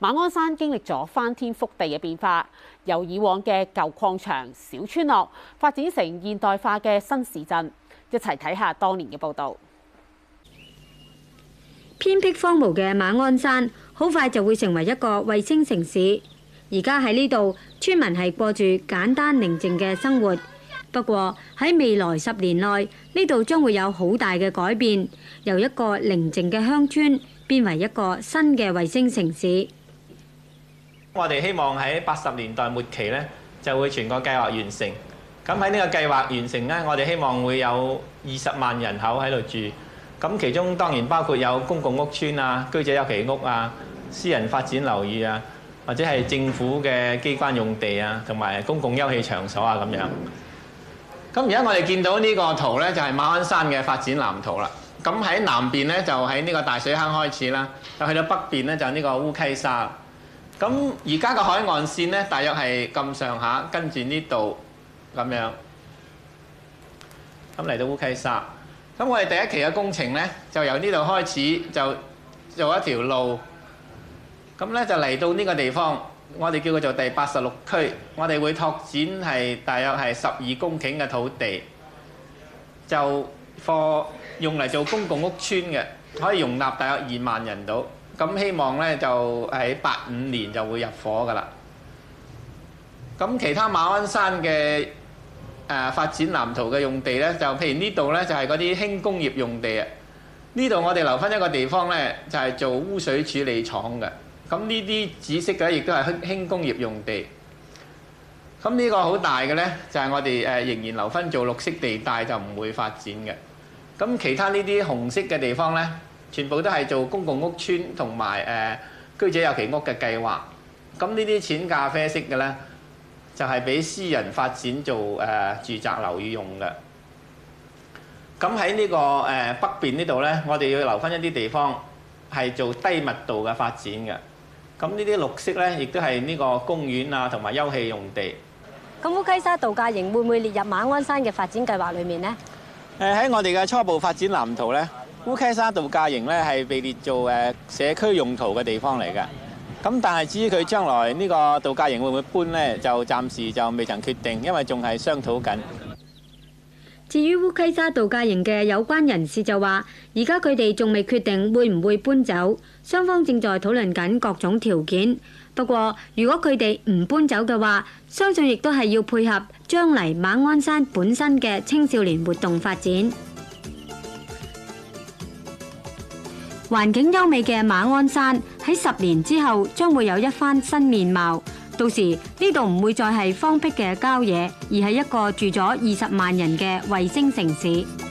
馬鞍山經歷咗翻天覆地嘅變化，由以往嘅舊礦場、小村落發展成現代化嘅新市鎮。一齊睇下當年嘅報導。偏僻荒蕪嘅馬鞍山，好快就會成為一個衛星城市。而家喺呢度，村民係過住簡單寧靜嘅生活。不過喺未來十年內，呢度將會有好大嘅改變，由一個寧靜嘅鄉村變為一個新嘅衛星城市。我哋希望喺八十年代末期呢，就會全個計劃完成。咁喺呢個計劃完成呢，我哋希望會有二十萬人口喺度住。咁其中當然包括有公共屋邨啊、居者有其屋啊、私人發展樓宇啊，或者係政府嘅機關用地啊，同埋公共休憩場所啊咁樣。咁而家我哋見到呢個圖呢，就係馬鞍山嘅發展藍圖啦。咁喺南邊呢，就喺呢個大水坑開始啦，就去到北邊呢，就呢個烏溪沙。咁而家個海岸線呢，大約係咁上下，跟住呢度咁樣。咁嚟到烏溪沙，咁我哋第一期嘅工程呢，就由呢度開始，就做一條路。咁呢就嚟到呢個地方，我哋叫佢做第八十六區。我哋會拓展係大約係十二公頃嘅土地，就用嚟做公共屋邨嘅，可以容納大約二萬人到。咁希望咧，就喺八五年就會入伙噶啦。咁其他馬鞍山嘅誒發展藍圖嘅用地咧，就譬如呢度咧，就係嗰啲輕工業用地啊。呢度我哋留返一個地方咧，就係做污水處理廠嘅。咁呢啲紫色嘅亦都係輕輕工業用地。咁、這、呢個好大嘅咧，就係我哋誒仍然留返做綠色地帶，就唔會發展嘅。咁其他呢啲紅色嘅地方咧。全部都係做公共屋邨同埋誒居者有其屋嘅計劃。咁呢啲淺咖啡色嘅呢，就係俾私人發展做誒住宅樓宇用嘅。咁喺呢個誒北邊呢度呢，我哋要留翻一啲地方係做低密度嘅發展嘅。咁呢啲綠色呢，亦都係呢個公園啊同埋休憩用地。咁烏溪沙度假營會唔會列入馬鞍山嘅發展計劃裡面呢？誒喺我哋嘅初步發展藍圖呢。烏溪沙度假營呢係被列做誒社區用途嘅地方嚟㗎，咁但係至於佢將來呢個度假營會唔會搬呢？就暫時就未曾決定，因為仲係商討緊。至於烏溪沙度假營嘅有關人士就話，而家佢哋仲未決定會唔會搬走，雙方正在討論緊各種條件。不過如果佢哋唔搬走嘅話，相信亦都係要配合將來馬鞍山本身嘅青少年活動發展。環境優美嘅馬鞍山喺十年之後將會有一番新面貌，到時呢度唔會再係荒僻嘅郊野，而係一個住咗二十萬人嘅衛星城市。